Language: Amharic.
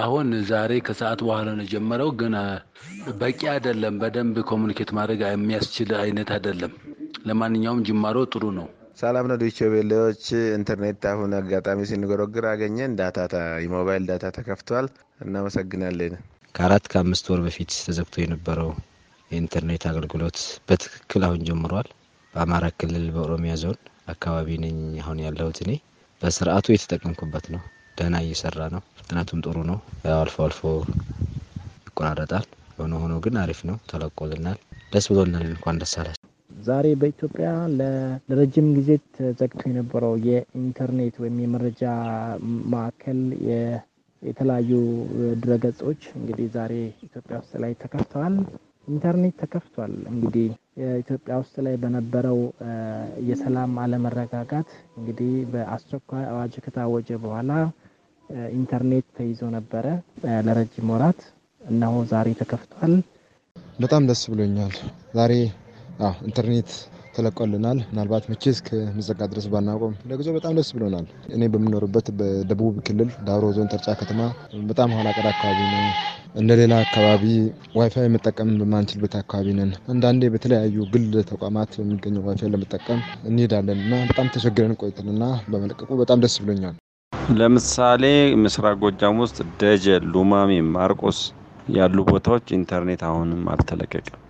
አሁን ዛሬ ከሰዓት በኋላ ነው የጀመረው፣ ግን በቂ አይደለም። በደንብ ኮሚኒኬት ማድረግ የሚያስችል አይነት አይደለም። ለማንኛውም ጅማሮ ጥሩ ነው። ሰላም ነው ዶቼ ቬለዎች። ኢንተርኔት አሁን አጋጣሚ ስንጎረግር አገኘን። ዳታ የሞባይል ዳታ ተከፍቷል። እናመሰግናለን። ከአራት ከአምስት ወር በፊት ተዘግቶ የነበረው የኢንተርኔት አገልግሎት በትክክል አሁን ጀምሯል። በአማራ ክልል በኦሮሚያ ዞን አካባቢ ነኝ አሁን ያለሁት እኔ። በስርዓቱ የተጠቀምኩበት ነው። ደህና እየሰራ ነው። ፍጥነቱም ጥሩ ነው። አልፎ አልፎ ይቆራረጣል። የሆነ ሆኖ ግን አሪፍ ነው። ተለቆልናል። ደስ ብሎናል። እንኳን ደስ አላችሁ። ዛሬ በኢትዮጵያ ለረጅም ጊዜ ተዘግቶ የነበረው የኢንተርኔት ወይም የመረጃ ማዕከል የተለያዩ ድረገጾች እንግዲህ ዛሬ ኢትዮጵያ ውስጥ ላይ ተከፍተዋል። ኢንተርኔት ተከፍቷል። እንግዲህ ኢትዮጵያ ውስጥ ላይ በነበረው የሰላም አለመረጋጋት እንግዲህ በአስቸኳይ አዋጅ ከታወጀ በኋላ ኢንተርኔት ተይዞ ነበረ ለረጅም ወራት። እነሆ ዛሬ ተከፍቷል። በጣም ደስ ብሎኛል። ዛሬ ኢንተርኔት ተለቆልናል። ምናልባት መቼ እስከሚዘጋ ድረስ ባናቆም ለጊዜው በጣም ደስ ብሎናል። እኔ በምኖርበት በደቡብ ክልል ዳውሮ ዞን ተርጫ ከተማ በጣም ኋላ ቀር አካባቢ ነው። እንደ ሌላ አካባቢ ዋይፋይ መጠቀም በማንችልበት አካባቢ ነን። አንዳንዴ በተለያዩ ግል ተቋማት የሚገኘው ዋይፋይ ለመጠቀም እንሄዳለን እና በጣም ተቸግረን ቆይተን እና በመለቀቁ በጣም ደስ ብሎኛል። ለምሳሌ ምስራቅ ጎጃም ውስጥ ደጀ፣ ሉማሜ ማርቆስ ያሉ ቦታዎች ኢንተርኔት አሁንም አልተለቀቀም